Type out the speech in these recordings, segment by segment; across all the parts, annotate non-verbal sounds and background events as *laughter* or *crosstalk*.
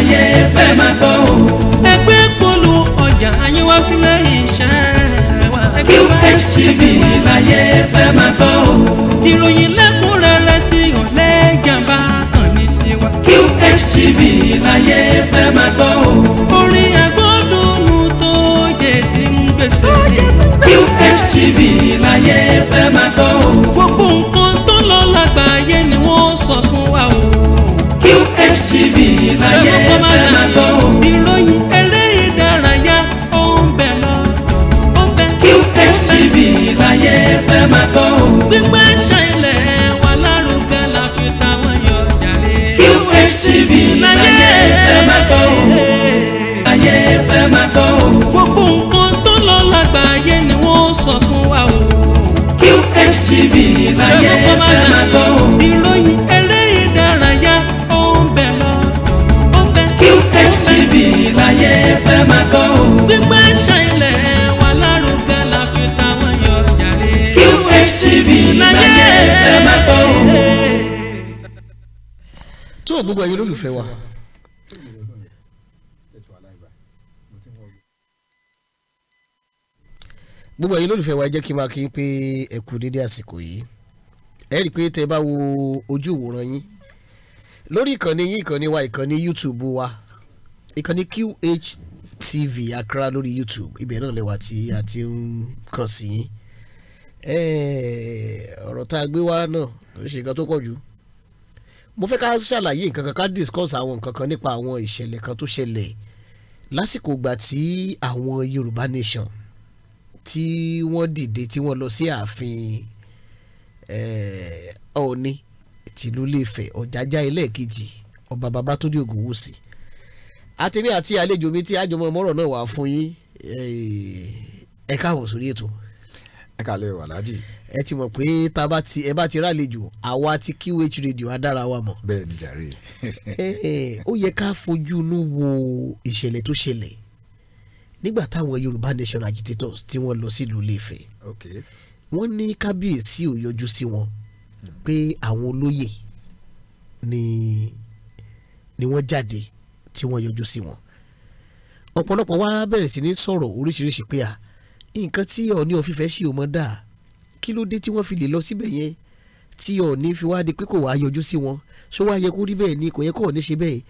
ayé fẹ́ máa gbọ́ o. ẹgbẹ́ polu ọjà ayé sílẹ̀ iṣẹ́ wa. QHTV láyé fẹ́ máa gbọ́ o. ìròyìn lẹ́kùnrẹ́rẹ́ tí ọ̀lẹ́ jàmbá kan ní tiwa. QHTV láyé fẹ́ máa gbọ́ o. orin agbódùnmù tó jẹ ti ń gbèsè. QHTV láyé fẹ́ máa gbọ́ o. gbogbo nǹkan tó lọ lágbàáyé ni wọ́n sọ fún wa o. QHTV láyé. gbígbẹ́ ṣẹlẹ̀ wà lárugẹ la fi táwọn yọ jàre. QHTV láyé ẹ̀fẹ̀ máa tọ́ o láyé ẹ̀fẹ̀ máa tọ́ o. gbogbo nǹkan tó lọ lágbàáyé ni wọ́n sọ fún wa o. QHTV láyé ẹ̀fẹ̀ máa tọ́ o. ìròyìn eré ìdárayá ó ń bẹ lọ. QHTV láyé ẹ̀fẹ̀ máa tọ́ o. gbígbẹ́ hello gbogbo ẹ̀yin olólùfẹ́ wa. gbogbo ẹ̀yin olólùfẹ́ wa jẹ́ kí n máa kí n pé ẹ kú dédé àsìkò yìí ẹ rí i pé tẹ bá wo ojú ìwòran yín lórí ìkànnì yín ìkànnì wa ìkànnì YouTube wa ìkànnì QHTV Accra lórí YouTube ibẹ̀ náà lẹ́wà tí a ti ń kàn sí yín ọ̀rọ̀ tá a gbé wá náà ó ṣe nǹkan tó pọ̀ jù mo fẹ́ ká ṣàlàyé nǹkan kan ká discuss àwọn nǹkan kan nípa àwọn ìṣẹ̀lẹ̀ kan tó ṣẹlẹ̀ lásìkò ìgbà tí àwọn Yorùbá nation tí wọ́n dìde tí wọ́n lọ sí ààfin eh, Ọọ̀ni tìlú Ilé-Ifẹ̀ Ọ̀jájá ẹlẹ́ẹ̀kejì ọba Babátúndé Ògúnwùsì àtẹ̀mí àti àlejò mi tí àjọmọ̀ mọ́rọ̀ náà wà fún yín eh, ẹ̀ka àwọ̀ ètò ẹ kàlẹ́ wà lájì. ẹ ti mọ̀ pé tá a bá ti ẹ bá ti rálejò àwa ti QH radio adára wa mọ̀. bẹ́ẹ̀ ni jàre. ó yẹ ká fojú inú wo ìṣẹ̀lẹ̀ tó ṣẹlẹ̀ nígbà táwọn Yorùbá Nation agitators tí wọ́n lọ sílùú Ilé-Ifẹ̀ wọ́n ní kábíyèsí ò yọjú sí wọn pé àwọn olóyè ni ni wọ́n jáde tí wọ́n yọjú sí wọn ọ̀pọ̀lọpọ̀ wa bẹ̀rẹ̀ sí ní sọ̀rọ̀ oríṣiríṣi pé a. Mm nǹkan tí ọ̀ní ò fífẹ́ sí ọmọ dáa kí ló dé tí wọ́n fi lè lọ síbẹ̀ yẹn tí ọ̀ní fi wá di pé kò wá yọjú sí wọn ṣó wá yẹ kó rí bẹ́ẹ̀ ni kò yẹ kó ọ̀ní ṣe bẹ́ẹ̀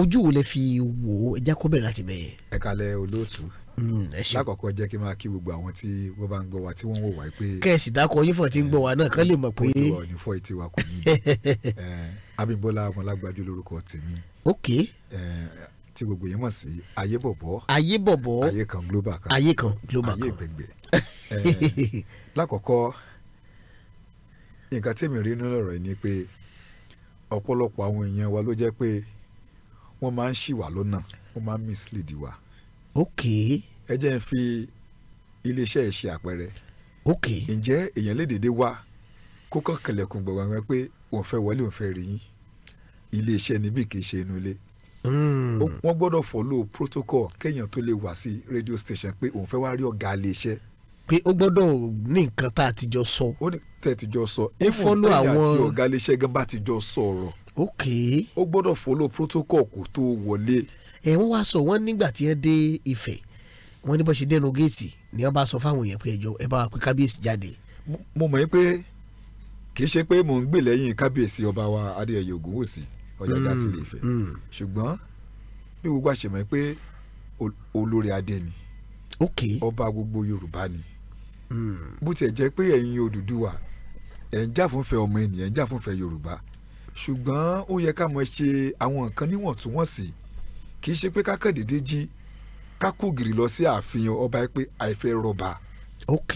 ojú wo lẹ fi wò ó ẹja kó bẹ̀rẹ̀ láti bẹ̀ẹ̀. ẹ kalẹ̀ olóòtú hmm, lákòókò jẹ́ kí n máa kí gbogbo àwọn tí wọ́n bá ń gbọ́ wa tí wọ́n ń wò wá pé. kẹ́ẹ̀sì dákọ yín fún ti ń gbọ́ wa náà kán lè mọ̀ pé. ojú ọ̀ní fọ́ etí wa kò ní. *laughs* Abímbọ́lá ọmọlágbájú lórúkọ tèmi. ok tí gbogbo yẹn mọ̀ sí ayé bọ̀bọ̀ ayé bọ̀bọ̀ ayé kan global kan ayé kan global kan ayé gbẹgbẹ *laughs* lákọ̀ọ́kọ́ nǹkan tèmi rí nínú ọ̀rọ̀ yìí ni pé ọ̀pọ̀lọpọ̀ àwọn èèyàn wa ló jẹ́ pé wọ́n máa ń ṣì wá lọ́nà wọ́n máa ń mislead wa. ok. ẹ jẹ́ n fi iléeṣẹ́ ẹ̀ ṣe àpẹẹrẹ. ok. ǹjẹ́ èèyàn lè dédé wá kó kẹlẹ̀kùn gbọ̀ngàn pé òun fẹ́ wọlé òun fẹ́ rí yín iléeṣẹ́ níbí kì í ṣe inú ilé. Hmm. wọ́n gbọ́dọ̀ follow protocol kéèyàn tó lè wá sí radio station pé òun fẹ́ wá rí ọ̀gá ilé iṣẹ́ pé ó gbọ́dọ̀ ní nǹkan tá a ti jọ sọ. ó ní tẹ́ ti jọ sọ. ó fọ́lọ́ àwọn ẹ̀yà tí ọ̀gá iléeṣẹ́ gan bá ti jọ sọ̀rọ̀. ok. ó gbọ́dọ̀ fọ́lọ́ protocol kó tó wọlé. ẹ wọ́n wá sọ wọ́n nígbà tí ẹ dé Ifẹ̀ wọ́n ní bó ṣe dẹnu géètì ni wọ́n bá sọ fáwọn èèyàn pé ẹjọ́ ẹ bá wa pé kábíyèsí jáde. mo mọ̀ pé kì í ṣe pé mò ń gbè lẹ́yìn kábíyèsí ọba wa Adéyẹyè Ògúnwùsì ọ̀yàyà sí mm, ilé Ifẹ̀ mm. ṣùgbọ́n ní gbogbo àṣemọ̀ pé olórí adé ni ọba gbogbo Yorùbá ni mm. bó tiẹ̀ jẹ́ pé ẹ̀yin Odùduwà ẹ̀ ń jà fúnfẹ́ ọmọ ènìyàn ń jà fúnfẹ́ Yorùbá ṣùgbọ́n ó yẹ ká mọ̀ ṣe àwọn nǹkan níwọ̀ntúnwọ̀nsì kì í ṣe pé kákàndédé jí ká kó gìrì lọ sí ààfin ọba pé àìfẹ́ rọba. ok.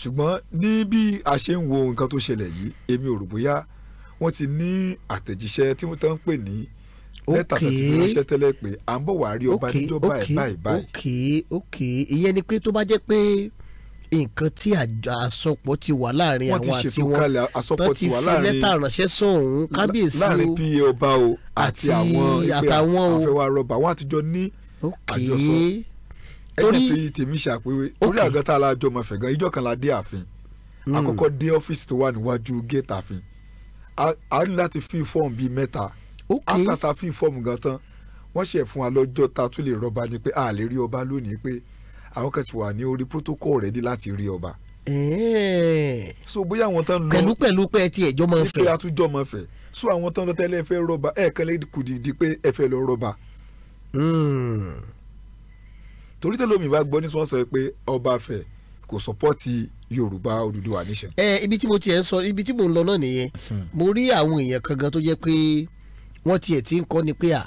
ṣùgbọ́n ní bí a ṣe ń wo nǹkan tó ṣẹlẹ̀ yìí èmi ò rò bóyá wọ́n ti ní àtẹ̀jíṣẹ́ tí wọ́n tán ń pè ní lẹ́tà tó ti ránṣẹ́ tẹ́lẹ̀ pé à ń bọ̀ wá rí ọba níjọ́ báyìí báyìí báyìí. ok ok ìyẹn ni pé tó bá jẹ́ pé nǹkan tí àsopọ̀ ti wà láàrin àwọn àti wọn tó ti fi lẹ́tà ránṣẹ́ sóhun kábíyèsí o láàrin pa ọba o àti àwọn ìpè àfẹwà rọba wọn àtijọ́ ní àjọsọ ẹni fi tèmi ṣàpèwé torí àgọ́ta alájọmọ̀fẹ̀ gan ijọ́ kan la dé ààfin hmm. àkọ́kọ́ dé ọ́fíìsì tó wà níwájú géètì a ní láti fill form bíi mẹ́ta okay after ta form gan tán wọ́n ṣe fún wa lọ́jọ́ ta tún lè rọba ni pé a lè rí ọba lónìí pé àwọn kan ti wà ní orí protocol rẹ̀ ní láti rí ọba. so bóyá àwọn tán lọ pẹ̀lú pẹ̀lú pé ti ẹ̀jọ́ máa ń fẹ́ nípa àtújọ́ máa ń fẹ́ so àwọn tán lọ tẹ́lẹ̀ fẹ́ rọba ẹ̀ẹ̀kan lè kù dìdí pé ẹ fẹ́ lọ rọba. Hmm. torí tẹ́lẹ̀ omi bá gbọ́ ní sọ́n pé ọba fẹ́ kò sọpọ́ọ̀tì yorùbá Odùduwà nation. ẹ ibi tí mo tiẹ̀ sọ ibi tí mo ń lọ náà nìyẹn hmm. mo rí àwọn èèyàn kan gan tó jẹ́ pé wọ́n tiẹ̀ ti ń kọ́ ni pé à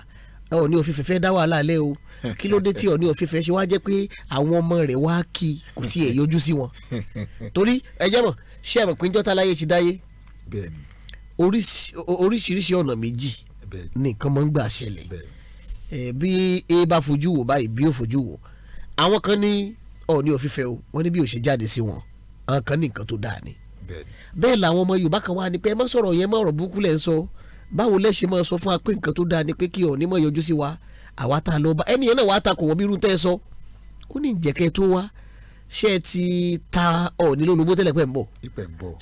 Ọọ̀ni ò fífẹ́ fẹ́ dá wàhálà lẹ́ o *laughs* kí ló dé tí Ọọ̀ni ò fífẹ́ ṣe wá jẹ́ pé àwọn ọmọ rẹ̀ wá kí kò tiẹ̀ *laughs* yọjú sí wọn. torí ẹ jẹ́ mọ̀ ṣé ẹ mọ̀ pé njọ́ta láyé ti dáyé oríṣiríṣi ọ̀nà méjì nìkan mọ́ ń gbà ṣẹlẹ̀ bí e bá fojú wò báyìí bí ó fojú wò àwọn kan ní ọ ní òfìfẹ́ o wọ́n ní bí ó ṣe jáde sí wọn àwọn kan ní nǹkan tó dáa ni. bẹ́ẹ̀ làwọn ọmọ yorùbá kan wá ní pé ẹ má sọ̀rọ̀ yẹn má ọ̀rọ̀ burúkú lẹ̀ ń sọ báwo lẹ ṣe máa sọ fún wa pé nǹkan tó dáa ni pé kí ọ̀ọ́ni mọ̀ yọjú sí wa àwa tá a lọ bá ẹnìyẹn náà wàá ta kò wọ́n bí irú tẹ́ ẹ sọ ó ní ìjẹ́kẹ́ tó wá ṣé ẹ ti ta ọ̀ọ́ni lólobó tẹ́lẹ̀ pẹ̀ ń bọ̀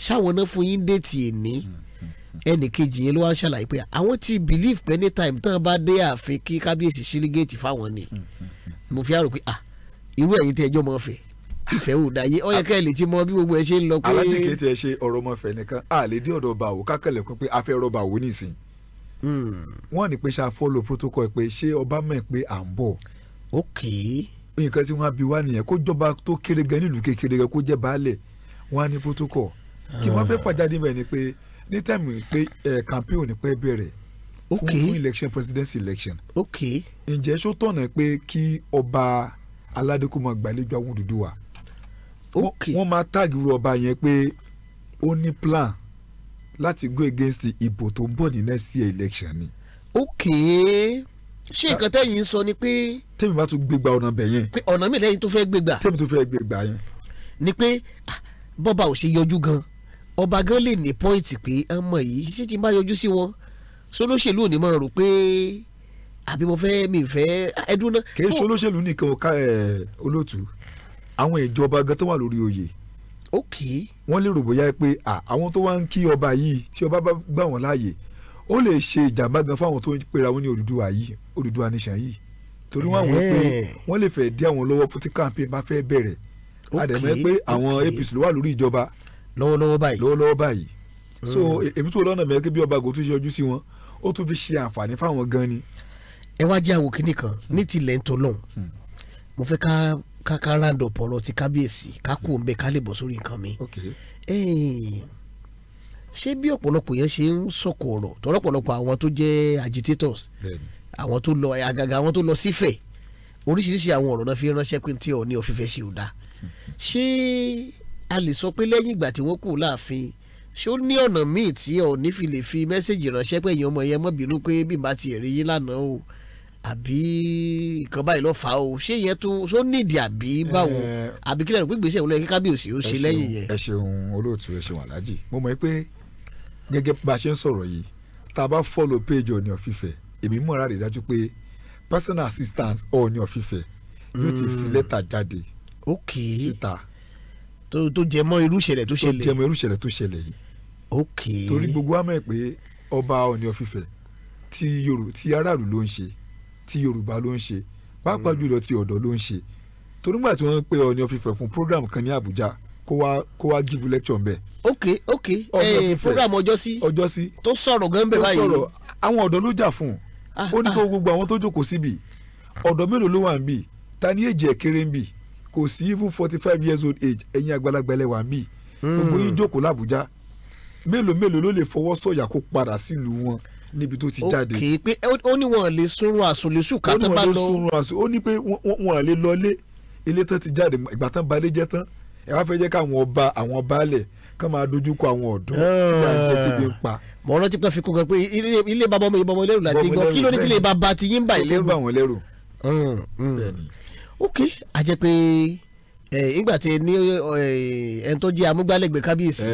ṣáwọn náà fún yín déètì èní hmm, hmm, hmm. ẹnì kejì yẹn ló wá ń ṣàlàyé pé àwọn ti believe pé anytime tán bá dé àfin kí kábíyèsí sílígéètì fáwọn ni mo fi àrò pé ah irú ẹ̀yin tí ẹjọ́ mọ̀ fẹ́ ìfẹ́ wò dáyé ọ yẹ ká ẹ lè ti mọ bí gbogbo ẹ ṣe ń lọ pé. alátìkè tí ẹ ṣe ọ̀rọ̀ ọmọ fẹ̀ nìkan a lè dé ọ̀dọ̀ bàwò kákẹ́lẹ̀ kan pé a fẹ́ rọ́bà wò nísìn. Hmm. wọ́n ní pé ṣá follow protocol pé ṣé ọba mọ̀ pé à ń bọ̀. ok. nǹkan tí wọ́n á wá nìyẹn kó jọba tó kéré gan nílùú kékeré gan kó jẹ́ baálẹ̀ wọ́n ní protocol. kí wọ́n fẹ́ fàjáde ah. bẹ̀ ni pé ní tẹ̀mí pé eh, campaign ni pé bẹ̀rẹ̀ ok fún election presidential election. ok ǹjẹ́ ṣó tọ̀nà pé kí aládé kó máa gbàlejò àwọn Odùduwà wọ́n máa táàgì irú ọba yẹn pé ó ní plan láti go against ìbò tó ń bọ̀ ní next year election ni. ok ṣé ah. nǹkan tẹ́yìn sọ ni pé. tẹ́mi bá tún gbégbá ọ̀nà bẹ̀ yẹn. pé ọ̀nà mi lẹ́yìn tó fẹ́ gbégbá. tẹ́mi tó fẹ́ gbégbá yẹn. ni pé ah, bọ́ba ò ṣe yọjú gan ọba gan lè ní pọ́ìntì pé ọmọ yìí ṣé ti bá yọjú sí wọn sólóṣèlú ò ní máa rò pé àbí mo fẹ́ mi fẹ́ ẹdún náà. kì í ṣe olóṣèlú nìkan ọ̀ka ẹ̀ olóòtú àwọn ìjọba gan tó wà lórí oyè. ok. wọ́n lérò bóyá pé àwọn tó wá ń kí ọba yìí tí ọba bá gbà wọ́n láàyè ó lè ṣe ìjàmbá gan fáwọn tó ń pera wọn ní Odùduwà yìí Odùduwà nation yìí torí wọ́n àwọn pé wọ́n lè fẹ́ dí àwọn lọ́wọ́ fún tí campaign bá fẹ́ bẹ̀rẹ̀ àdèmọ́ pé àwọn APC ló wà lórí ìjọba lọ́wọ́lọ́wọ́ báyìí lọ́wọ́lọ́wọ́ báyìí so mm. èmi tó lọ́nà mẹ́kẹ́ bí ọba gòtú ṣe ojú sí wọn ó tún fi ṣe àǹfààní fáwọn gan ni ẹ wá jẹ́ àwòkí nìkan ní tilẹ̀ ń tọ́lọ́hún mo fẹ́ ká ká ká round up ọ̀rọ̀ ti kábíyèsí ká kú òun bẹ́ẹ̀ ká lè bọ̀ sórí nǹkan mi. ṣé bí ọ̀pọ̀lọpọ̀ yẹn ṣe ń sọ̀kò ọ̀rọ̀ tọ́lọ́pọ̀lọpọ̀ àwọn tó jẹ́ agitators àwọn tó lọ àgàgà àwọn tó lọ sífẹ̀ oríṣiríṣi àwọn ọ̀rọ̀ náà fi ránṣẹ́ pé tí ò ní òfìfẹ́ ṣe ò dá ṣé a lè sọ pé lẹ́yìn ìgbà tí wọ́n kù láàfin ṣé ó ní ọ̀nà míì tí ò ní fi lè fi mẹ́sẹ̀gì ránṣẹ́ pé èèyàn ọmọ yẹn mọ́ bínú pé bí n bá ti rí yín lánàá o àbí nǹkan báyìí ló fà á o ṣé yẹn tún ṣó nídìí àbí báwo eh, àbí kílẹ̀ rẹ̀ pé gbèsè òun lọ yẹ kí kábíyèsí ó ṣe lẹ́yìn yẹn. ẹ ṣeun olóòtú ẹ ṣeun aláàjì mo mọ̀ pé gẹ́gẹ́ bá a ṣe ń sọ̀rọ̀ yìí tá a bá fọ́lọ̀ péjọ Ọ̀ọ̀ni of èmi mọ̀ra rẹ̀ dájú pé personal assistance Ọ̀ọ̀ni of Ifẹ̀ yóò ti fi hmm. lẹ́tà jáde síta. tó jẹ mọ́ irú ìṣẹ̀lẹ̀ tó ṣẹlẹ̀ tó jẹ mọ́ irú ìṣẹ̀lẹ̀ tó ṣẹlẹ̀ yìí torí gbogbo wa mọ̀ pé ọba Ọ̀ọ̀ni of Ifẹ̀ tí aráàlú ló ń ṣe ti Yorùbá ló ń ṣe pàápàá mm. jùlọ ti ọ̀dọ́ ló ń ṣe torí tí wọ́n pe Ọ̀ọ̀ni of Ifẹ̀ fún program kan ní Àbújá kó wá kó wá give lecture ń bẹ̀. ok ok eh, program ọjọ́sí ọjọ́sí tó sọ̀rọ̀ gan bẹ́ẹ̀ báyìí. tó sọ̀rọ̀ àwọn ọ̀dọ́ ló jà fún un ah, ó ní kó ah. gbogbo àwọn tó jókòó síbi ọ̀dọ́ mélòó ló wà ń bì ta ni èjì ẹ̀ kéré ń bì kò sí even forty five years old age ẹ̀yin àgbàlagbà ẹlẹ́wà ń bì gbogbo mm. yín jókòó l'Àbújá mélòó mélòó ló lè fọwọ́ sọ̀yà kó padà sílùú wọn níbi tó ti jáde. ok pé ó ní wọn lè sunrun àsùnlẹ̀sùn ká tó bá lọ. ó ní wọn lè sunrun àsùn ó ní pé wọn lè lọlé ilé tán ti jáde ìgbà tán balẹ̀ jẹ́ tán ẹ wá fẹ́ jẹ́ káwọn ọba àwọn baálẹ̀ kán máa dojú kọ àwọn ọ̀dọ́ tí wọ́n ah. ń jẹ́ ti di ń pa. mo rántí pé fi kún kan pé ilé bàbá ọmọ ìbọn lẹ́rù láti gbọ́ kí ló ní tí ilé bàbá ti yín bà lẹ́rù. ó ń bà wọ́n lẹ́rù. ok a jẹ́ pé. Pe ìgbà tí ní ẹni tó jẹ́ amúgbálẹ́gbẹ̀ẹ́ kábíyèsí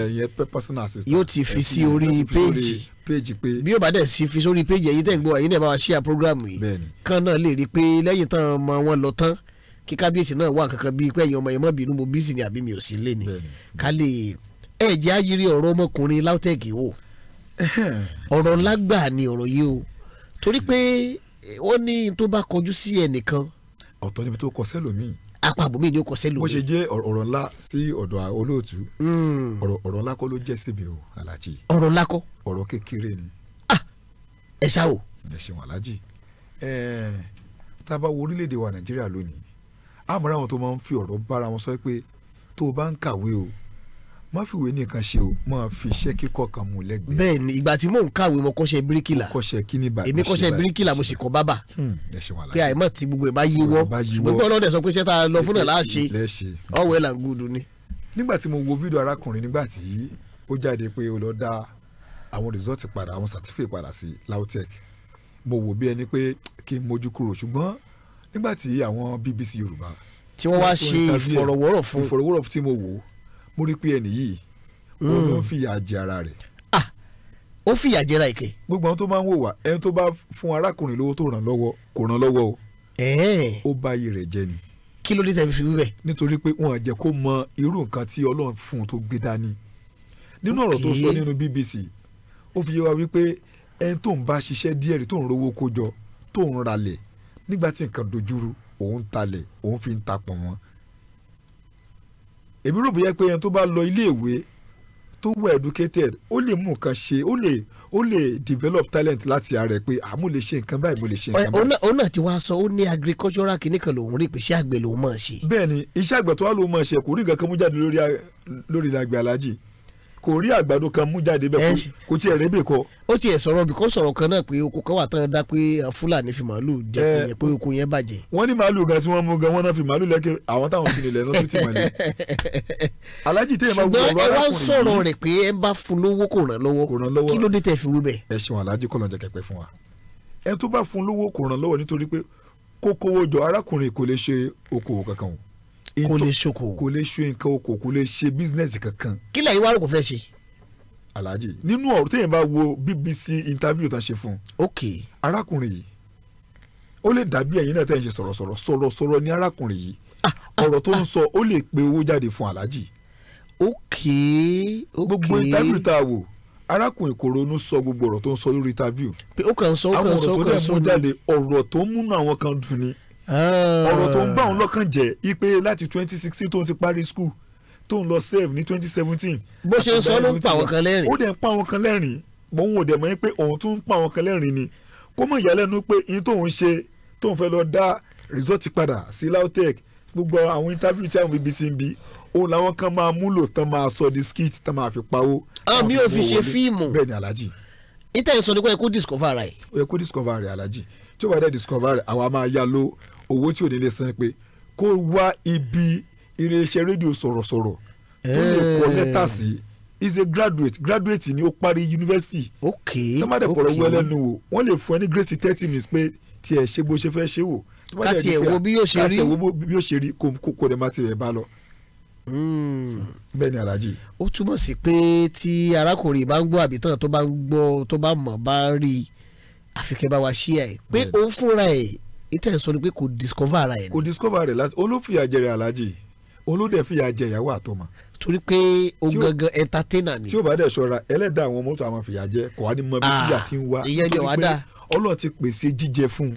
yóò ti fi sí orí péèjì péèjì pé bí yóò bá dẹ̀ sí fi sórí péèjì ẹ̀yin tẹ̀ ń gbọ́ ẹ̀yin náà máa ṣíà program yìí kan náà lè rí i pé lẹ́yìn tán ọmọ wọn lọ tán kí kábíyèsí náà wà kankan bíi pé ẹ̀yin ọmọ yẹn mọ̀ bínú mo bísí ni àbí mi ò sí lé ni ká lè ẹ̀ jẹ́ àyírí ọ̀rọ̀ ọmọkùnrin LAUTECH o ọ̀rọ̀ ńlá ni ọ̀rọ̀ yìí o ọ̀tọ̀ níbi tó kọ sẹ́lòmíì apá àbòmí ni ó kọ sẹ́lò. mo ṣe jẹ́ ọ̀rọ̀ ńlá sí ọ̀dọ̀ olóòtú hmm. ọ̀rọ̀ ńlá kọ́ ló jẹ́ síbi o aláàjì. ọ̀rọ̀ ńlá kọ́. ọ̀rọ̀ kékeré ni. ah ẹ ṣá o. ẹ ṣeun aláàjì ẹẹ tá a bá wo orílẹ̀-èdè wa nàìjíríà lónìí àmọ́ àwọn tó máa ń fi ọ̀rọ̀ bára wọn sọ pé tó o bá ń kàwé o má fìwé nìkan ṣe o máa fi iṣẹ́ kíkọ́ kan mú lẹ́gbẹ̀ẹ́. bẹ́ẹ̀ni ìgbà tí mò ń kàwé mo kọ́ṣẹ́ bíríkìlà mo kọ́ṣẹ́ kíní bàbá èmi kọ́ṣẹ́ bíríkìlà mo sì kọ́ bábà hmm, pé àìmọ̀ tí gbogbo ẹ̀ bá yí wọ́ ṣùgbọ́n gbọ́dọ̀ náà dẹ̀ sọ pé iṣẹ́ tá a lọ fún náà láṣẹ all well and good ni. nígbà tí mo wo fídíò arákùnrin nígbà tí ó jáde pé ó lọ dá àwọn result padà àwọn certificate padà sí LAUTECH mo wò bí ẹni pé kí n mójú kúrò ṣùgbọ́n nígbà tí àwọn BBC Yorùbá tí wọ́n wá ṣe ìfọ̀rọ̀wọ́rọ̀ fún ìfọ̀rọ̀wọ́rọ̀ tí mo wò ó mo rí pé ẹnì yìí ó ló ń mm. fìyà jẹ ara rẹ̀. ah ó fìyà jẹra ìkẹ́. gbogbo àwọn tó máa ń wò wá ẹni tó bá fún arákùnrin lówó tó ràn lọ́wọ́ kò ràn lọ́wọ́ o. ó bá iye rẹ̀ jẹ ni. kí ló dé tẹ́ fi fi wíwẹ̀. nítorí pé wọn jẹ́ kó mọ irú nǹkan tí ọlọ́run fún un tó gbé dání. nínú ọ̀rọ̀ tó sọ nínú BBC ó fi yé wa wípé ẹni tó ń bá ṣiṣẹ́ díẹ̀ rí tó ń rówó kójọ tó ń ralẹ̀ nígbà tí nǹkan dojúrú òun talẹ̀ òun fi ń tapọ̀ wọn èmi rò bóyá pé ẹni tó bá lọ iléèwé tó wà educated ó lè mú nǹkan ṣe ó lè ó lè develop talent láti ara ẹ pé àmú lè ṣe nǹkan báyìí mo lè ṣe nǹkan báyìí. òun náà ti wá sọ ó ní agricultural kìíní kan lòun rí pé iṣẹ́ àgbẹ̀ lòun máa ṣe. bẹ́ẹ̀ni iṣẹ́ àgbẹ̀ tó wà lòun máa ṣe kò rí nǹkan kan mú jáde lórí lórí làgbẹ̀ alájì kò rí àgbàdo kan mú jáde bẹ́ẹ̀ kò tiẹ̀ rébè kọ. ó tiẹ̀ sọ̀rọ̀ bí kò sọ̀rọ̀ kan náà pé oko kan wà tán dá pé fúlàní fi màálù jẹ kò yẹ pé oko yẹn bàjẹ́. wọ́n ní màálù gan tí wọ́n mú gan wọ́n náà fi màálù lẹ́kẹ̀ àwọn táwọn fi nílẹ̀ náà tó ti màálù. *laughs* alájì tẹ́ ẹ bá wúlò ọ̀rọ̀ arákùnrin yìí. sọ̀rọ̀ rẹ̀ pé ẹ bá fún lówó kò ràn lọ́wọ́ kí ló dé tẹ́ fi wí bẹ́ẹ̀. ẹ kò lè ṣokòwò kò lè ṣe nǹkan oko kò lè ṣe bísínẹ́sì kankan. kílẹ̀ yìí wá rò kò fẹ́ ṣe. alhaji nínú ọ̀rọ̀ téèyàn bá wo BBC interview tá a ṣe fún un. ok arákùnrin yìí ó lè dàbí ẹ̀yin náà tẹ́yìn ṣe sọ̀rọ̀sọ̀rọ̀ sọ̀rọ̀sọ̀rọ̀ ní arákùnrin yìí ah, ah. ọ̀rọ̀ tó ń sọ ó lè pe owó jáde fún alhaji. ok ok gbogbo interview tá a wò arákùnrin kò ronú sọ gbogbo ọ̀rọ̀ tó ń sọ lórí interview. ó kàn sọ ó kàn sọ ó kàn sọ Ah. ọ̀rọ̀ tó ń bá òun lọ́kàn jẹ́ ipe láti twenty sixteen tó ń ti parí school tó ń lọ serve ní twenty seventeen. bó ṣe ń sọ ló ń pa àwọn kan lẹ́rìn. ó dẹ̀ ń pa àwọn kan lẹ́rìn mò ń wò dẹ̀ mọ́ pé òun tún ń pa àwọn kan lẹ́rìn ni kó mọ̀ ìyàlẹ́nu pé ihun tóun ṣe tóun fẹ́ lọ dá result padà sí LAUTECH gbogbo àwọn interview tí àwọn BBC ń bi òun làwọn kan máa múlò tán máa sọ di skit tán máa fi pawó. Ah, àmì ò fi ṣe fíìmù bẹ́ẹ̀ ni alhaji. ìtẹ̀ ìsọdẹ́kọ̀ ẹ kó discover rẹ̀. ẹ kó discover rẹ̀ alhaji tí ó bá dẹ̀ discover rẹ̀ àwa máa yá lọ owó tí ò ní lè san pé kó wá ibi iléeṣẹ́ rédíò sọ̀rọ̀sọ̀rọ̀ tó lè kọ lẹ́tà sí is a graduate graduate ni ó parí yunifásitì ok tó má dẹ̀ kọ̀rọ̀ wọlé nu wò wọ́n lè fún ẹ ní grace thirty minutes pé tiẹ̀ ṣe bó ṣe fẹ́ ṣe wò káti ẹ̀ wo bí yóò ṣe rí káti ẹ̀ wo bí yóò ṣe rí kó kó dẹ̀ má tirẹ̀ bá lọ. Hmm. bẹ́ẹ̀ ni alhaji. ó túmọ̀ sí pé tí arákùnrin bá ń gbọ́ àbítàn tó bá ń gbọ́ tó bá mọ̀ bá rí àfikẹ́ bá wa ṣí ẹ̀ pé òun fúnra ẹ̀ ìtẹ̀ ń sọ ni pé kò discover ara ẹ̀ ni. kò discover rẹ̀ láti olófìyà jẹrẹ alájì olódẹ fìyà jẹ ìyàwó àtọmọ. torí pé o gangan entertainer ni. tí o bá dẹ̀ ṣọ́ra ẹlẹ́dàá àwọn mọ́tò àwọn fìyà jẹ kò wá ní mọ bí fìyà ah, ti ń wá. ìyẹn ni wàá dà. ọlọ́run ti pèsè jíjẹ fún un.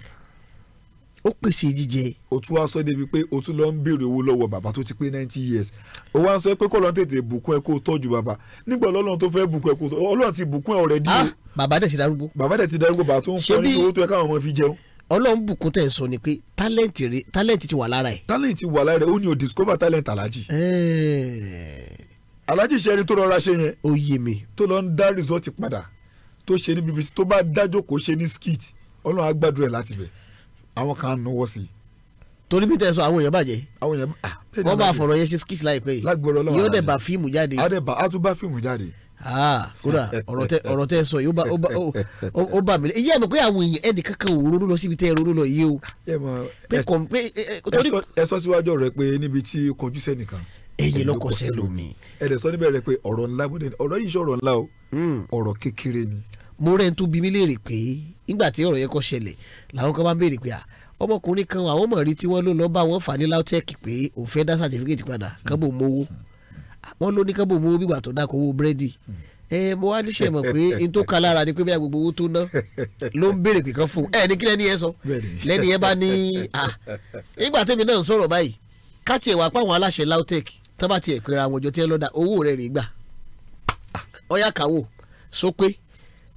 ó pèsè jíjẹ. o tún wá sọ débi pé o tún lọ ń béèrè owó lọ́wọ́ bàbá tó ti pé ninety years o wá sọ pé kó lọ tètè bùkún ẹ kó tọ́jú bàbá nígbà ọlọ́run tó fẹ́ bùkún ẹ kó tọ́jú ọlọ́run ti bùkún ẹ ọ̀rẹ́dì. Ah, bàbá ọlọ́run bùkún tẹ̀ ń sọ ni pé tálẹ̀ǹtì rẹ̀ tálẹ̀ǹtì ti wà lára ẹ̀. tálẹ̀ǹtì wà lára ẹ̀ ó ní o discover talent alaji alaji ṣe ẹni tó rọra ṣe yẹn. ó yé mi. tó lọ ń dá result padà tó ṣe ní BBC tó bá dájọ́ kó ṣe ní skit ọlọ́run á gbàdúrà láti bẹ̀ àwọn kan á náwó sí i. torí bí tẹ̀sán àwọn èèyàn bàjẹ́. àwọn èèyàn ah, bàjẹ́. wọ́n bá fọ̀rọ̀ yẹn ṣe skit láìpẹ́ yìí. lágbóró ọlọ́run yóò dẹ̀ bá fíìmù jáde. kódà ọ̀rọ̀ tẹ ọ̀rọ̀ tẹ sọ yìí ó bá mi iye àmọ́ pé àwọn èèyàn ẹnì kankan ò ronú lọ síbi tẹ ẹ ronú lọ o. ẹ sọ e, e, e, síwájú rẹ pé níbi tí kọjú sẹ́nìkan. ẹyẹ lọkọ sẹlómi. ẹ sọ níbẹ̀ rẹ pé ọ̀rọ̀ ńlá bó dẹni ọ̀rọ̀ yìí sọ̀rọ̀ o hmm. ọ̀rọ̀ kékeré ni. mo ń tún bí yẹn kọ́ làwọn kan bá ń béèrè pé ọmọkùnrin kan àwọn wọ́n ló ní kábò mú bígbà tó dákọ̀ owó búrẹ́dì ẹ mo wá níṣẹ́ mọ̀ pé n tó ka lára ni pé bí agbègbè owó tó ná ló ń béèrè pé kan fún ẹ ní kí lẹ́ni yẹn sọ lẹ́ni yẹn bá ní à nígbà tẹ́mi náà ń sọ̀rọ̀ báyìí káàtì ẹ̀wà pàwọn aláṣẹ lautech tó bá tiẹ̀ pera àwọn òjò tí lọ́dà owó rẹ̀ rè gbà ọ̀yà kàwó sópé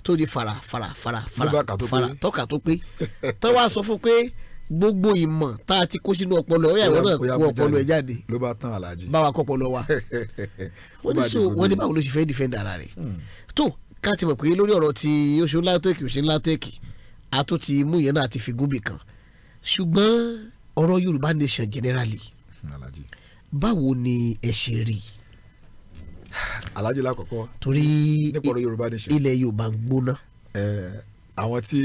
tó di fara fara fara fara fara tọ́ka tó pé tó wá sọ fún pé gbogbo ìmọ̀ tá a ti kó sínú ọpọlọ ó yà wọ́n náà kó ọpọlọ ẹ̀ jáde báwa kọ́ ọpọlọ wa *laughs* wọ́n ní so wọ́n ní báwo ló ṣe fẹ́ defend ara rẹ̀ hmm. tó ká ti mọ̀ pé lórí ọ̀rọ̀ ti oṣù ńlá tẹ́kì oṣù ńlá tẹ́kì ti mú yẹn náà ti fi gúnbì kan ṣùgbọ́n ọ̀rọ̀ Yorùbá nation generally hmm, báwo ni ẹ ṣe rí i alájí lákọ̀ọ́kọ́ torí ilẹ̀ Yorùbá ń gbóná. Eh, àwọn tí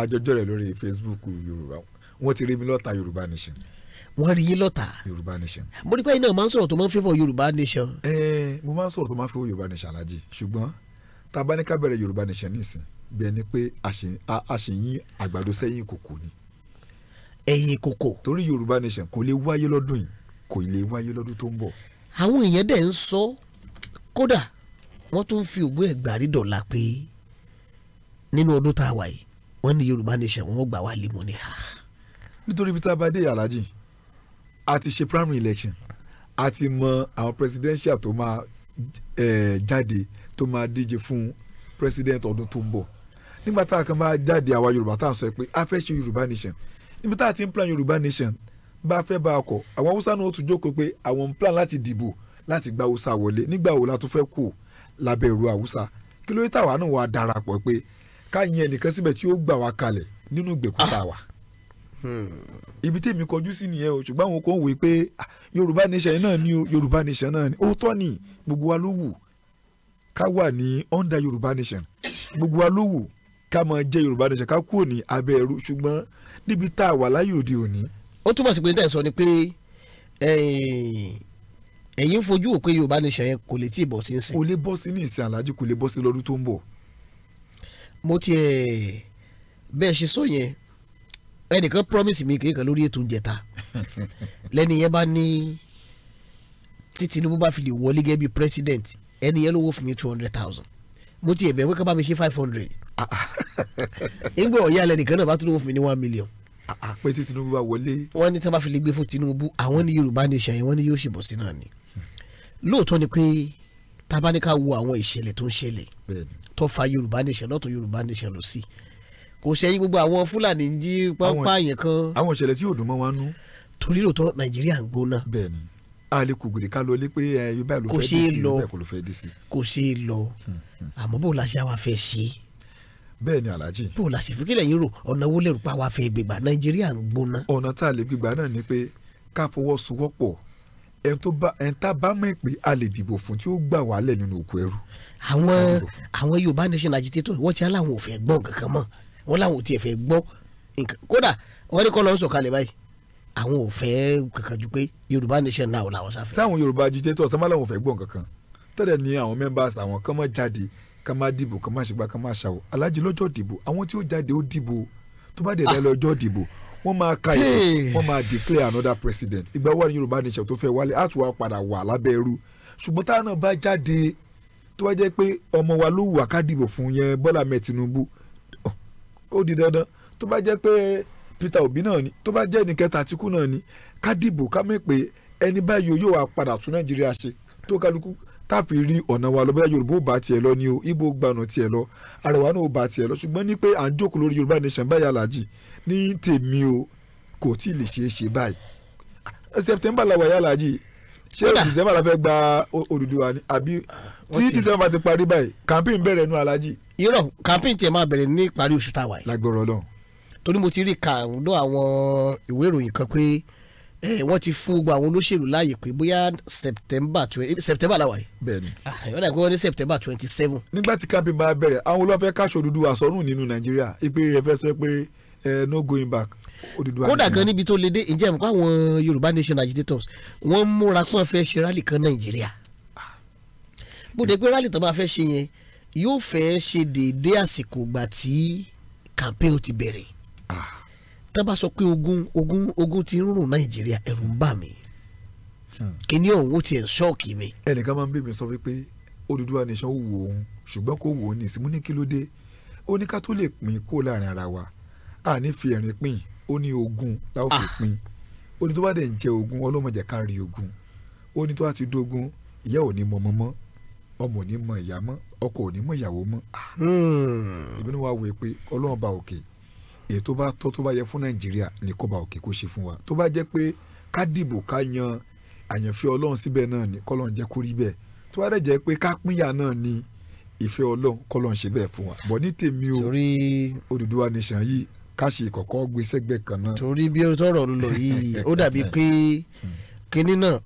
àjọjọ rẹ lórí Facebook Yorùbá wọ́n ti rí mi lọ́ta Yorùbá Nation. wọ́n rí yín lọ́ta. Yorùbá Nation. mo ní báyìí náà máa ń sọ̀rọ̀ tó máa ń fẹ́fọ̀ Yorùbá Nation. ẹ ẹ mo máa ń sọ̀rọ̀ tó máa ń fẹ́fọ̀ Yorùbá Nation alájí ṣùgbọ́n tá a bá ní ká bẹ̀rẹ̀ Yorùbá Nation nísìn bẹ́ẹ̀ ni pé a ṣe yín àgbàdo sẹ́yìn kòkò ni. ẹ̀yìn kòkò. torí Yorùbá Nation kò lè wáyé lọ́dún yìí kò lè wáyé lọ́dún tó ń bọ̀. àwọn èèyàn dẹ̀ ń sọ kódà wọ́n tún fi ògùn ẹ̀gbárí dọ̀la pé nínú ọdún tá a wà yìí wọ́n ní Yorùbá Nation wọ́n gbà wá limu ní ha nítorí ibi tá a bá dé aláàjì a ṣe primary election a ti mọ àwọn presidential tó máa eh, jáde tó máa díje fún president ọdún tó ń bọ̀ nígbà tá a kan bá jáde àwa yorùbá tá a sọ pé a fẹ́ ṣe yorùbá nation níbi tá a ti ń plan yorùbá nation bá a fẹ́ bá a kọ̀ àwọn haúsá náà tún jókòó pé àwọn ń plan láti dìbò láti gba haúsá wọlé nígbà wo la tún fẹ́ kú lábẹ́ ìró haúsá kí ló yẹ táwa náà wà darapọ̀ pé ká yẹn ẹnìkan síbẹ̀ tí ó gbà wá kalẹ̀ nínú ìgbèkúta wa. Ah ibi tèmi kọjú sí nìyẹn o ṣùgbọ́n àwọn kan wò pé yorùbá nation náà ni o yorùbá nation náà ni òótọ́ ni gbogbo wa ló wù ká wà ní under yorùbá nation gbogbo wa ló wù ká máa jẹ́ yorùbá nation ká kúrò ní abẹ́ ẹ̀rú ṣùgbọ́n níbi tá a wà láyé òde òní. ó túbọ̀ sí pé tẹ̀ sọ ni pé ẹ̀yin fojú wò yorùbá nation yẹn kò lè tí ì bọ́ sí nísìn. kò lè bọ́ sí ní ìsìn aláàjì kò lè bọ́ sí lọ́dún tó ń bọ̀. mo tiẹ̀ bẹ́ẹ̀ ṣe sọ yẹn ẹnìkan promise mi kéèkan lórí ètò oúnjẹ ta lẹ́ni yẹn bá ní tí Tinubu bá fi lè wọlé gẹ́gẹ́ bí president ẹni yẹn lówó fún mi two hundred thousand mo ti ẹ̀bẹ̀ wípé ká bá mi ṣe five hundred ìgbà *laughs* ọ̀yà alẹ́ nìkan náà bá tún lówó fún mi ní one million. Ah, pé tí Tinubu bá wọlé. wọ́n ní tí wọ́n bá fi lè gbé fún Tinubu àwọn ní Yorùbá nation yẹn wọ́n ní yóò ṣèbọ̀ sí náà ni lóòótọ́ ni pé tabaníkà wo àwọn ìṣẹ̀lẹ̀ tó ń ṣẹlẹ̀ tó fa Yorùbá nation lọ́tọ̀ kò sẹ́yìn gbogbo àwọn fúlàní jí pápá yẹn kan. àwọn ìṣẹ̀lẹ̀ tí yóò dùn mọ́ wa nú. torí lóòótọ́ nàìjíríà ń gbóná. bẹ́ẹ̀ni a lè kú gèrè ká lọ lé pé ẹ báyìí ló fẹ́ dé sí bẹ́ẹ̀ kò ló fẹ́ dé sí. kò ṣe é lọ hmm, hmm. àmọ́ bó la ṣe àwa fẹ́ ṣe é. bẹ́ẹ̀ ni alhaji. bó la ṣe fi kílẹ̀ yín rò ọ̀nà wo lẹ́rù pa wa fẹ́ gbégbá nàìjíríà ń gbóná. ọ̀nà tá a lè gbégbá náà ni pé ká fọwọ́sowọ́pọ̀ ẹn tá bá mọ̀ pé a lè dìbò fún tí ó gbà wálẹ̀ nínú òkú ẹrú. àwọn yorùbá nation agitator wọ́n ti aláwọn ò fẹ́ kankan mọ́ wọ́n làwọn ò tiẹ̀ fẹ́ gbọ́ kódà wọ́n ní kọ́ lọ́n sọ̀kalẹ̀ báyìí àwọn ò fẹ́ kankan ju pé yorùbá nation náà làwọn sáfẹ́. sáwọn yorùbá agitators tó má làwọn ò fẹ́ gbọ́ kankan tẹ́lẹ̀ ní àwọn members àwọn kan mọ́ jáde kan má dìbò kan má ṣègbà kan má ṣàwọ̀ alájí lọ́jọ́ dìbò àwọn tí ó jáde ó dìbò tó bá dẹ̀ lọ́jọ́ dìbò wọ́n máa ka ìbò ah. wọ́n máa declare another president ìgbà wà ní yorùbá nation tó fẹ́ wálé àti wàá padà wà lábẹ́ ẹrú ṣùgbọ́n táwọn náà bá jáde tó bá jẹ́ pé ọmọ wa ló wù ká dìbò fún yẹn bọ́lá mẹ́ ó di dandan tó bá jẹ́ pé Peter Obi náà ni tó bá jẹ́ ẹnìkẹta Àtíkù náà ni ká dìbò ká mọ̀ pé ẹni báyìí yóò wá padà tún Nàìjíríà ṣe tó kálukú tá a fi rí ọ̀nà wa lọ bóyá Yorùbá ò bá tiẹ̀ lọ ni o Ìgbò gbanà tiẹ̀ lọ Àrẹwà náà ò bá tiẹ̀ lọ ṣùgbọ́n ní pé à ń jókòó lórí Yorùbá nation báyà làjì ní tèmi o kò tí ì lè ṣeé ṣe báyìí September làwà yà làjì ṣé december la fẹ́ gba Odùduwà ni àbí ah, tí december ti parí báyìí campaign bẹ̀rẹ̀ nu Alhaji. irọ́ campaign tiẹ̀ máa bẹ̀rẹ̀ ní ìparí oṣù táwa yìí. lágbọ̀rọ̀ lọ. torí mo ti rí ka lọ àwọn ìwé ìròyìn kan pé wọ́n ti fún gbogbo àwọn olóṣèlú láàyè pé bóyá september twenty eh, september làwà yìí. bẹ́ẹ̀ni. Ah, wọ́n dà pé ní september twenty seven. nígbà tí campaign bá bẹ̀rẹ̀ àwọn olóòfẹ́ káṣọ Odùduwà sọ́nù nínú Nàìjíríà ìpè rẹ̀ fẹ́ sọ pé eh, no going back kódà gan níbi tó le dé ǹjẹ́ mọ̀ pé Yorùbá Nation agitators wọ́n múra pọ́n fẹ́ ṣe rálì kan Nàìjíríà bóde pé rálì tó bá fẹ́ ṣe yẹn yóò fẹ́ ṣe déédé àsìkò gbà tí campaign ti bẹ̀rẹ̀ ah. tá a bá sọ pé ogun ogun ogun ti ń rùn Nàìjíríà ẹ̀rù ń bà mí hmm. kíní ọ̀hún ó tiẹ̀ ń ṣọ́ọ̀kì mi. ẹnìkan máa ń bí mi sọ wípé Odùduwà Nation ó wò òun ṣùgbọ́n kò wò ó ní ìsinmi ní kí ló dé ó ní ká lè pín kó láàrin ara wa a fi ẹ̀rín pín ó ní ogún táwọn fi ah. pín ó ní tó bá dẹ̀ ń jẹ ogun, ọlọ́mọdé ká rí ogún ó ní tó bá ti dógún ìyá ò ní mọ ọmọ mọ́ ọmọ ò ní mọ ìyá mọ́ ọkọ ò ní mọ ìyàwó mọ́. Ah. Hmm. ìbí ni wàá wò pé ọlọ́run bá òkè èyí tó bá tọ́ tó bá yẹ fún nàìjíríà ní kó bá òkè kó ṣe fún wa tó bá jẹ́ pé ká dìbò ká yan àyànfẹ́ ọlọ́run síbẹ̀ náà ni kọ́lọ́run jẹ́ kó rí bẹ́ẹ̀ tó bá dẹ̀ jẹ́ ìfẹ́ ọlọ́run kọ́lọ́run ṣe bẹ́ẹ̀ fún wa bọ̀ ní tèmi o Odùduwà nation yìí ká ṣe kọ́kọ́ gbé sẹ́gbẹ́ kan náà. torí bí ọ̀rọ̀ ń lọ yìí ó dàbí pé kinní náà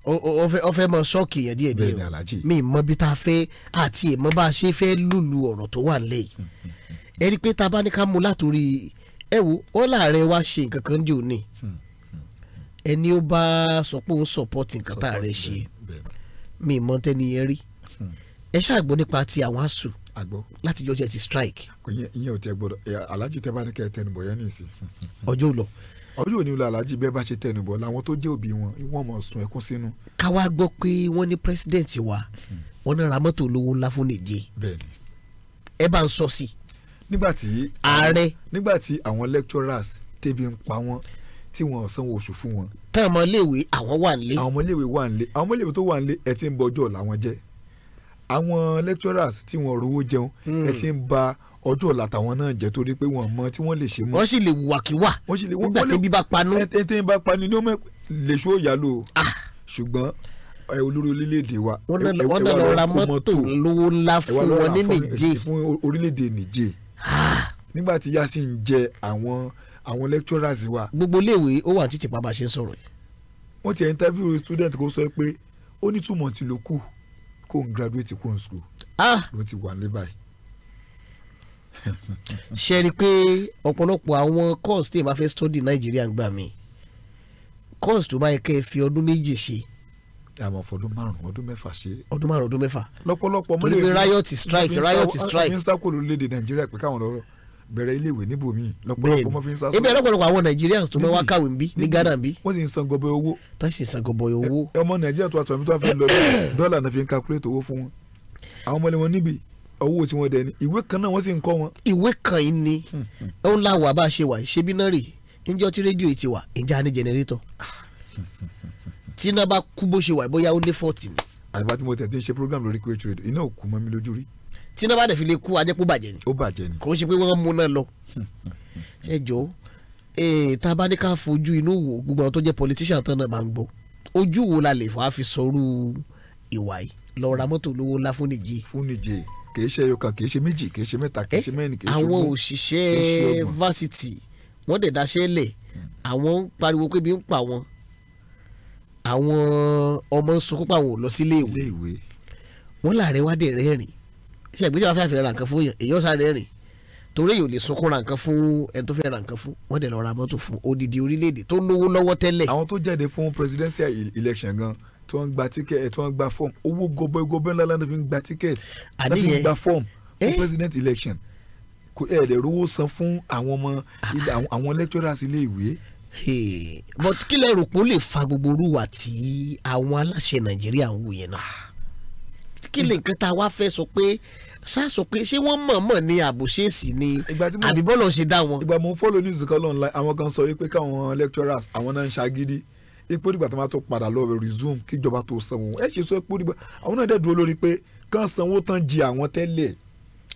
ó fẹ́ mọ ṣọ́ọ̀kì yẹn díẹ̀ díẹ̀ mi mọ bí tá fẹ́ àti èmọ́ bá a ṣe fẹ́ lùlù ọ̀rọ̀ tó wà nílẹ̀ yìí ẹ i pé tá a bá ní ká mú látòrí ẹ wo wọn láàárẹ̀ wá ṣe nǹkan kan jò ní ẹni ó bá sọ pé òun sọpọ́tì nǹkan tá a rẹ̀ ṣe mi mọ tẹ́ni yẹn rí ẹ ṣàgbọ́n nípa ti àwọn àṣù àgbọ̀. láti jọ́ ti strike. ìyẹn ò tẹ gbọdọ̀ alájí tẹ bá ní kẹ tẹnu bọ̀ yẹn ní ìsìn. ọjọ́ ò lọ. ọjọ́ ò ní lọ alájí bẹ́ẹ̀ bá ṣe tẹnu bọ̀ làwọn tó jẹ́ òbí wọn wọ́n mọ̀ sun ẹkún sínú. ká wá gbọ́ pé wọ́n ní president wa wọ́n náà ra mọ́tò olówó ńlá fún nìje. bẹ́ẹ̀ni. ẹ bá ń sọ sí. nígbàtí ààrẹ nígbàtí àwọn lecturers tẹ́bi ń pa wọ́n tí wọn ò sanwó oṣù fún wọn. táwọn ọmọléèwé àwọn wà ń lé. àwọn ọmọléèwé wà ń lé àwọn ọmọléèwé tó wà ń lé ẹ ti ń bọjọ́ làwọn jẹ́ àwọn lecturers tí wọ́n rówó jẹun hmm. ẹ ti ń ba ọjọ́ ọ̀la tàwọn náà jẹ́ torí pé wọ́n mọ tí wọ́n lè ṣe mọ́. wọ́n sì lè wàkíwà nígbà tẹ́bí bá panú. tẹ́bí bá panú ni ó mọ̀ lè ṣó yálò ah. ṣùgbọ́n olórí orílẹ̀-èdè wa. wọ́n dẹ̀ lọ ra mọ́tò lówó ńlá fún wọn ní nìjẹ́. fún orílẹ̀-èdè nìjẹ́ ah. nígbà tí yá sí ń jẹ àwọn àwọn lecturers wa. gbogbo iléèwé ó wà títí pàbà ṣe sọ̀rọ̀ yìí. wọ́n ti ẹ̀ interview student kó sọ pé ó ní two months ló kù kó n graduate kúrò ní school ah! ló ti wà nílé báyìí. ṣe rí i pé ọ̀pọ̀lọpọ̀ àwọn course tí èèyàn study nàìjíríà ń gbà mí course tó bá yẹ kẹ́ ẹ fi ọdún méje ṣe àmọ́ fọdún márùn ọdún mẹ́fà ṣe. ọdún márùn ọdún mẹ́fà. lọ́pọ̀lọpọ̀ mo lè rí riot strike riot strike. mínísítà kò lórílẹ̀‐èdè nàìjíríà pé káwọn lọ́rọ̀ bẹ̀rẹ̀ iléèwé níbòmí lọ́pọ̀lọpọ̀ mọ́ fi ń sá sọ. ibi ọlọ́pọ̀lọpọ̀ àwọn Nigerians tó mẹ́wàá kàwé ń bí ní Ghana bí. wọ́n sì ń san gọbọi owó. tá sì ń san gọbọi owó. ọmọ Nàìjíríà tó àtọ̀ mi tó a fi ń lọ *coughs* dọ́là náà fi ń calculate owó fún wọn. àwọn ọmọ níbi owó tí wọ́n dẹ ni ìwé kan náà wọ́n sì ń kọ́ wọn. ìwé kan yìí ni hmm, hmm. ó ń la wà bá a ṣe wà ṣebí náà rè níjọ́ tí rédíò yìí ti wà ìjà ní jẹnẹrétọ̀ tí iná bá kú bó ṣe wà bóyá ó ní fọ́ọ̀tì ni. àyùbá tí mo tẹ̀ tí ń ṣe tí iná bá dẹ̀ fi lè kú ajẹ́ pé ó bàjẹ́ ni ó bàjẹ́ ni kò ń ṣe pé wọ́n mú náà lọ *laughs* ẹ jọ tá a bá ní ká fojú inú wo gbogbo àwọn tó jẹ́ politician tán náà máa ń gbọ́ ojú wo la lè fà á fi sọrú ìwà yìí lọ ra mọ́tò olówó ńlá fún nìjì. fún nìjì kì í ṣe ẹyọkà kì í ṣe méjì kì í ṣe mẹ́ta kì í ṣe mẹ́rin kì í ṣe ogún. àwọn òṣìṣẹ́ fásitì wọ́n dẹ̀ daṣẹ́ lẹ̀ àwọn pariwo pé bí ń pa wọn àwọn ọmọ ń sunkún pa wọn lọ sí iléèwé wọ́n làárẹ̀ wá dẹ̀ rẹ́rìn ṣe ìgbéjọba fẹ́ fẹ́ ra nǹkan fún yàn èyí ó sáré rìn torí èyí ò lè sunkún ra nǹkan fún ẹni tó fẹ́ ra nǹkan fún wọ́n dẹ̀ lọ ra mọ́tò fún odidi orílẹ̀-èdè tó lówó lọ́wọ́ tẹ́lẹ̀. àwọn tó jáde fún presidential e-, election gan tí wọ́n gba tíkẹ́ẹ̀tì tí wọ́n gba fọ́ọ̀mù owó gọbẹ́gọbẹ́ ńlá láti fi gba tíkẹ́ẹ̀tì láti fi gba fọ́ọ̀mù fún president election kò ẹ̀ dẹ̀ rówó san fún àwọn ọmọ àwọn lecturers ilé ìwé. but kí lẹ rò pé ó lè fa gbogbo orúwà tí àwọn aláṣẹ Nàìjíríà ń wò yẹn náà kí ni nǹkan tá a wá fẹ́ sọ pé ṣáà sọ pé ṣé wọ́n mọ̀ọ́mọ̀ ni àbòṣèṣì ni àbí bọ́ọ̀lù ṣe dá wọn. ìgbà mo ń fọ́lọ̀ news kan lọ́nà àwọn kan sọ wípé káwọn lecturers àwọn náà ń ṣagídí ipò ìgbà tó máa tó padà lọ resume kíjọba tó sanwó ẹ ṣe sọ ipò ìgbà àwọn náà dẹ̀ dúró lórí pé kán sanwó tán jẹ àwọn tẹ́lẹ̀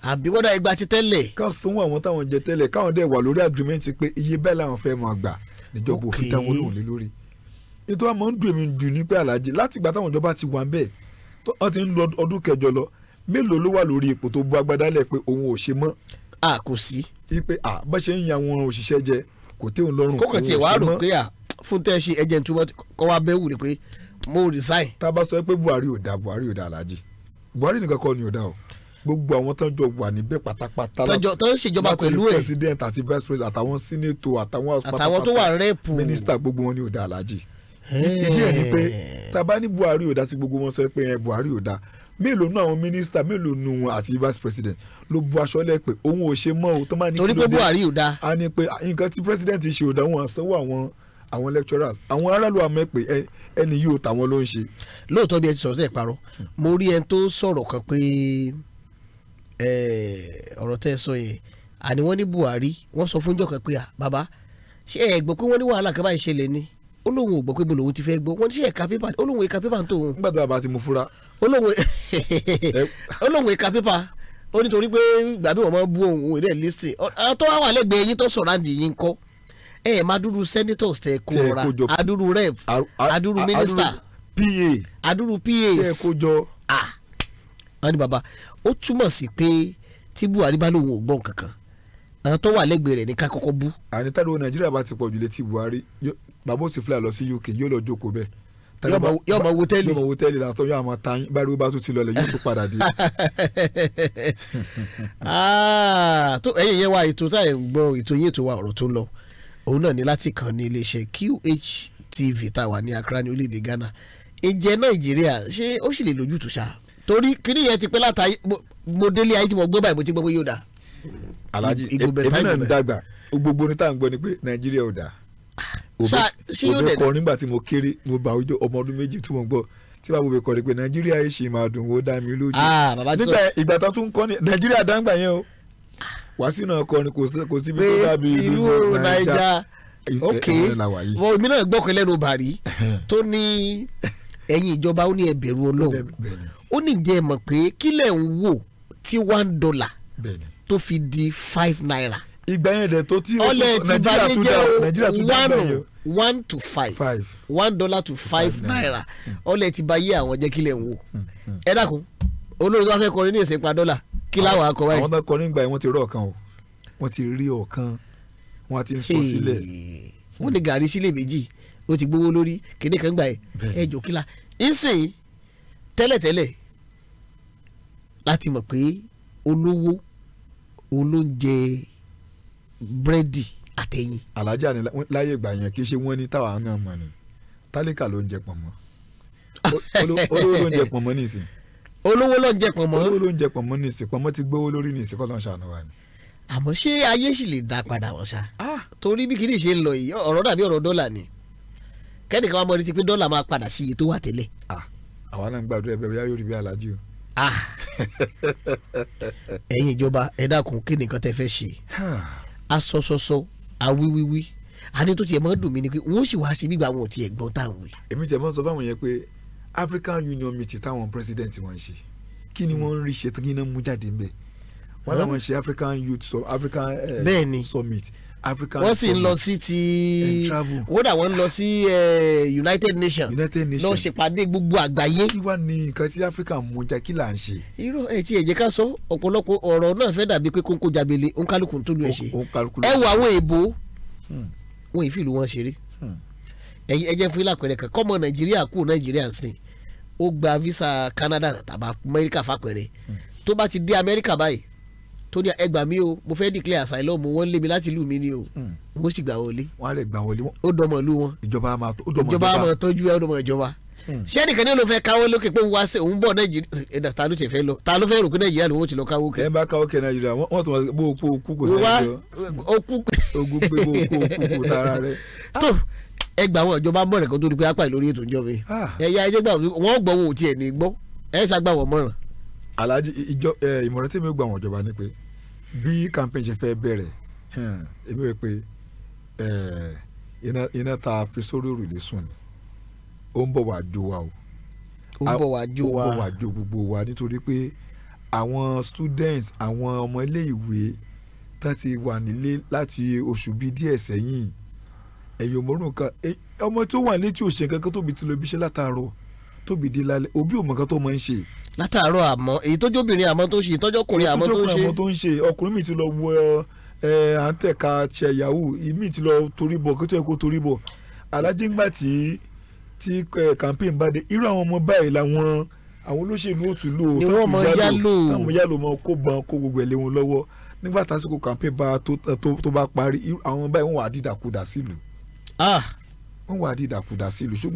àbí wọ́n dá igba ti tẹ́lẹ̀. ká sanwó àwọn táwọn jẹ tẹ́lẹ̀ káwọn dẹ̀ wà lórí agreement pé iye bẹ́ẹ̀ làwọn fẹ́ máa gbà níjọba òfin táwọn olóhùn lé lórí. nítorí àwọn máa ń dùn èmi jù ní pé aláàjì láti ìgbà táwọn ìjọba ti wà ń bẹ́ẹ̀ wọ́n ti ń lọ ọdún kẹjọ lọ mélòó ló wà lórí ipò tó bu agbádá lẹ̀ pé òun ò ṣe mọ́. a kò sí. ipe a bá ṣe ń yan àwọn òṣìṣẹ́ jẹ kò tí ò ń lọ́rùn kò kò tiẹ̀ wá ṣe ẹjẹ̀ tó kọ́ wa bẹ́ẹ̀ wù ni pé mo resign. tá a bá sọ pé Buhari ni ò da o gbogbo àwọn tó ń jọ wà níbẹ̀ pátápátá tó ń ṣèjọba pẹ̀lú ẹ̀ president àti vice president àtàwọn senator àtàwọn àtàwọn tó wà rẹ́pù minister gbogbo wọn ni ò da Alhaji ìdí ẹ̀ ni pé tá a bá ní Buhari ò dá tí gbogbo wọn sọ pé ẹ Buhari ò mélòó nu àwọn mínísítà mélòó nu wọn àti vice president ló bu aṣọ lẹ pé òun ò ṣe mọ o tó máa ní kí ló dé torí pé Buhari ò dá a ní pé nǹkan tí president ṣe ò dá wọn àsanwó àwọn àwọn lecturers àwọn aráàlú àmọ́ pé ẹni yóò tàwọn ló ń ṣe. lóòótọ́ bí ẹ ti sọ̀rọ̀ sẹ́ẹ̀ parọ́ mo rí ẹni tó sọ̀rọ̀ kan pé ọ̀rọ̀ tẹ́ ẹ sọ yẹn àní wọ́n ní Buhari wọ́n sọ fún jọ̀kẹ́ pé bàbá ṣé ẹ gbọ́ pé wọ́n ní wàhálà kan báyìí ṣẹlẹ̀ ni ó lóun ò gbọ́ pé bolo òun ti fẹ́ gbọ́ wọ́n ti ṣe ẹ̀ka pépà ó lóun ẹ̀ka pépà ń tòun. gbàdúrà bá ti mú fura. ó lóun *laughs* ẹ̀ka pépà ó nítorí pé gbàbí wọn máa bú òun òun ìdẹ́ lísì àtọ́ àwọn àlẹ́gbẹ̀ẹ́ yín tó sọ̀rọ̀ àǹdí yín kọ́ ẹ̀ máa dúró senators tẹ kó ra adúrú rep adúrú minister pa adúrú pas tẹ kó jọ. àwọn ah. ni bàbá ó túmọ̀ sí pé tí Buhari bá lóun ò gbọ́ nǹkan kan àwọn tó wà lẹ́gbẹ̀ẹ́ rẹ̀ ní ká kọ́kọ́ bú. àní tàbí owó nàìjíríà bá ti pọ̀ jù létí buhari bàbá òsì fúlà lọ sí uk yóò lọ jókòó bẹ́ẹ̀. yóò mọ wọtẹ́lì yóò mọ wọtẹ́lì làtọ́ yóò àmọ́ tán báyìí bá tún ti lọlẹ̀ yóò tún padà dé. *laughs* Ah, tó ẹ̀yin yẹn wá ètò táyà gbọ́ ètò yín ètò wa ọ̀rọ̀ tó ń lọ òun náà ní láti kàn ní iléeṣẹ́ QHTV tá a wà ní Accra ní orílẹ̀-èdè Ghana ìjẹ nàìjíríà ṣé ó sì lè lójútùú ṣá torí kíní yẹn ti pẹ́ látàá mo délé ayé alhaji e- èmi náà ń dàgbà gbogbo ní tá à ń gbọ́ ni pé nàìjíríà o dáa *laughs* òbí kọ nígbà tí mo kéré mo bá ojú ọmọ ọdún méjì tí mo gbọ́ tí bàbá òbí kọ ni pé nàìjíríà yìí ṣì máa dùn ó dá mi lójú ah, nígbà ìgbà tó tún kọ́ ni nàìjíríà dáńgbà yẹn o wàásù náà kọ ni kò síbi tó dàbí ìlú nàìjà ok mo mi náà gbọ́ pé lẹ́nu bàrí *laughs* tó ní ẹ̀yin ìjọba ó ní ẹ bẹ̀rù Ọlọ́run ó ní jẹ́ mọ̀ pé kílẹ̀ ń wò tí one dollar tó fi di five naira. ìgbà yẹn dẹ̀ tó tí o tún nàìjíríà tún dá nàìjíríà tún dá mẹ́yọ. one to five, five. one dollar to five, five naira hmm. ọlẹ̀ ti bá yé àwọn jẹ́ kílẹ̀ ń wò hmm, hmm. ẹ dákun olórí tó bá fẹ́ kọrin ní ìsìnpá dọ́là kí láwọn akọ báyìí. àwọn tó kọrin gbà yẹn wọ́n ti rí ọ̀kan o wọ́n ti rí ọ̀kan wọ́n ti ń sọ sílẹ̀. wọ́n ní gàrí sílẹ̀ méjì ó ti gbowó lórí kíní kan gbà yẹn ẹ jọ kí la ìsìn tẹ́lẹ̀tẹ́lẹ̀ láti mọ̀ pé olówó olóúnjẹ búrẹ́dì àtẹ̀yìn. alájà ni láyé ìgbà yẹn kì í ṣe wọ́n ní táwa náà mọ̀ ni tálíkà ló ń jẹ pọ̀nmọ́ olówó ló ń jẹ pọ̀nmọ́ nìsín. olówó ló ń jẹ pọ̀nmọ́. olówó ló ń jẹ pọ̀nmọ́ nìsín pọ̀nmọ́ ti gbówó lórí nìsín kọ́ ló ń ṣàánú wa ni. àmọ́ ṣé ayé sì lè dá padà wọ̀ ṣá. Ah! torí bí kìíní ṣe ń lọ yìí ọ̀rọ̀ dàbí ọ̀rọ̀ dọ́là ni kẹ́nìkan wa mọ̀ ní ti pé dọ́là máa padà sí iye tó wà tẹ́lẹ̀. Ah! àwa náà ń gbàdúrà ẹ bẹ́ẹ̀ bí Ah. *laughs* ẹ̀yin ìjọba ẹ dákun kí nìkan tẹ́ fẹ́ ṣe asọsọsọ awíwíwí àní tó tiẹ̀ máa dùn mí ni pé wọ́n sì wá sí gbígbà wọn ò tiẹ̀ gbọ́n táwọn wí. èmi tẹ̀ mọ́ sọ fáwọn yẹn pé African Union meeting táwọn president wọn ṣe kí ni wọ́n ń rí ṣe kí ni wọ́n mú jáde ń bẹ̀ wọn làwọn ṣe African Youth so African uh, Summit African wọ́n sì ń lọ sí ti wódà wọ́n ń lọ sí eh, United Nations United Nations lọ ṣèpàdé gbogbo àgbáyé. kí wàá ní nǹkan tí Africa mú jà kí là ń ṣe. irọ́ ẹ̀ tí ẹ jẹ́ ká sọ ọ̀pọ̀lọpọ̀ ọ̀rọ̀ náà fẹ́ dàbí pé kóńkó jabele òǹkálùkù tó lu ẹ̀ ṣe ẹ wo àwọn èèbó hmm. wọn ì fìlú wọn ṣeré hmm. ẹ jẹ́ fún ilé kan kọ́mọ Nàìjíríà kú Nàìjíríà sìn ó gba visa Canada tàbí Amẹ́ríkà fàpẹẹrẹ hmm. tó bá ti dé Amẹ́ríkà báyìí tó ẹgbà mi o mo fẹ́ declare asylum wọ́n lé mi láti ìlú mi ni o hmm. wọ́n sì gbà wọlé. wọ́n á lè gbà wọlé ó dọmọ ìlú wọn. ìjọba máa tọ́jú ìjọba máa tọ́jú ẹ ìjọba. Hmm. ṣé ẹnìkan ní ló káwọ́ lókè pé wá sí òun bọ̀ nàìjíríà ta ló ti fẹ́ lọ ta ló fẹ́ rò pé nàìjíríà ló wọ́n ti lọ káwọ́ kẹ́. ẹ bá káwọ́ kẹ́ nàìjíríà wọ́n tún bó okú *laughs* okú okú kò tara *laughs* ẹ gbà wọn ìjọba mọ̀rẹ̀ kan tó di pé apá ìlórí ètò ìjọba yìí ah. wọn ìjọba ni bí campaign ṣe fẹ́ bẹ̀rẹ̀ èmi wẹ̀ pé iná tá a fi sórí òrùlé sùn ni ó ń bọ̀ wá jó wa o ó ń bọ̀ wá jó wa ó ń bọ̀ wá jó gbogbo wa nítorí pé àwọn students àwọn ọmọ ilé ìwé tán ti wà nílé láti oṣù bíi díẹ̀ sẹ́yìn ẹ̀yìn òmòrùn kan ọmọ tó wà létí òṣèǹkan kan tóbi tó lọ ibi iṣẹ́ látàárọ̀ tóbi di lálẹ́ òbí òmùkan tó máa ń ṣe látàárọ̀ àmọ́ èyí tó jóbìnrin àmọ́ tó ṣe ìtọ́jọ́kùnrin àmọ́ tó ṣe. tó ń ṣe ọkùnrin mi ti lọ wọ ẹ à ń tẹ̀ka mi ti lọ torí bọ̀ kí tó yẹ kó torí bọ̀ alájí ńgbà tí tí campaign bá dé irú àwọn ọmọ báyìí làwọn àwọn olóṣèlú òtún lò ó táwọn yálò mọ kó bọn kó gbogbo ẹ̀ lé wọn lọ́wọ́ nígbà tásìkò campaign bá tó bá parí àwọn báyìí wọn wà á dìdàkudà sílùú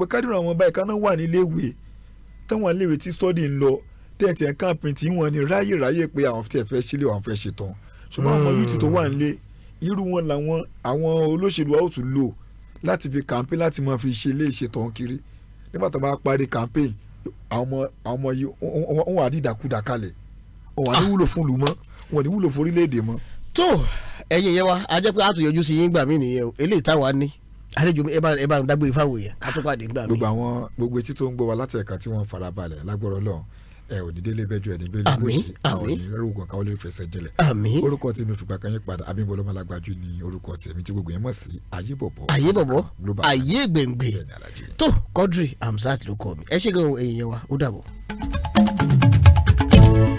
ah! tí study ń lọ tẹ́ẹ̀tì ẹ̀ campaign tí wọ́n ní ráyè ráyè pé àwọn tí ẹ fẹ́ sílé àwọn fẹ́ ṣe tán ṣùgbọ́n àwọn hmm. youth tó wà nílé irú wọn làwọn àwọn olóṣèlú àwọn tún lò láti fi campaign láti máa fi ṣe ilé ìṣètàn kiri nígbà tó bá parí campaign àwọn ọmọ yìí wọn wà ní ìdàkudà kalẹ̀ wọn ní ah. wúlò fún ìlú mọ́ wọn ní wúlò fún orílẹ̀-èdè mọ́. tó ẹ̀yin yẹn wa a jẹ́ pé a tún yọjú sí yín gbà mí nìyẹn o eléyìí táwa ní àlejò ẹ bá ẹ bá dágbére fáwọn èèyàn ká tó pàdé gbà mí. gbogbo àwọn gbogbo etí tó ń gbọ́ wa láti ẹ̀ka tí wọ́n farabalẹ̀ lágbọ́rọ̀ lọ́hùn ẹ ò ní délé bẹjọ ẹ ní bẹlẹ gbòsì àwọn onírúurú kan lè fẹsẹ̀ jẹlẹ̀ orúkọ tèmi fìgbà kan yín padà abímbọ́lá malagbájú ni orúkọ tèmi tí gbogbo yẹn mọ̀ sí ayé bọ̀bọ̀ ayé bọ̀bọ̀ ayé gbèǹgbè tó Quadri Hamzat ló kọ mi ẹ ṣe gan èèyàn wa ó dàbọ̀.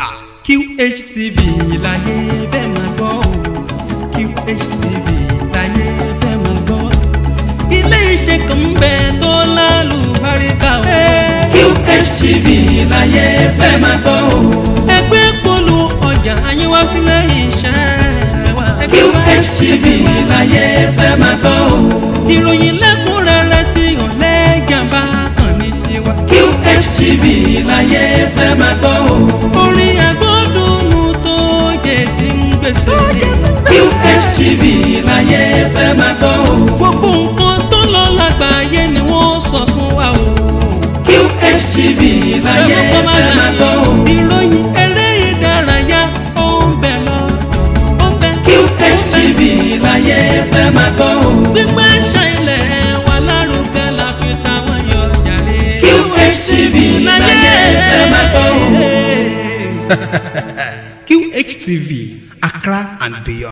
Ah, QHTV láyé bẹ́ẹ̀ máa gbọ́. HEB láyé fẹ́ máa gbọ́ o. ẹgbẹ́ polu ọjà àyínwá sílẹ̀ iṣẹ́ wa. QHTV láyé fẹ́ máa gbọ́ o. ìròyìn lẹ́kùnrẹ́rẹ́ tí ọ̀lẹ́ jàmbá kan ní tiwa. QHTV láyé fẹ́ máa gbọ́ o. orin agbódùnmù tó jẹ ti ń gbèsè. QHTV láyé fẹ́ máa gbọ́ o. tv láyé ẹ máa gbọ́ o. ìròyìn eré ìdárayá ó ń bẹ̀ lọ ó ń bẹ̀. QH tv láyé ẹ máa gbọ́ o. gbígbẹ́ ṣẹlẹ̀ wà lárugẹ láfi táwọn yọ jàre. QH tv láyé ẹ *laughs* Accra and beyond.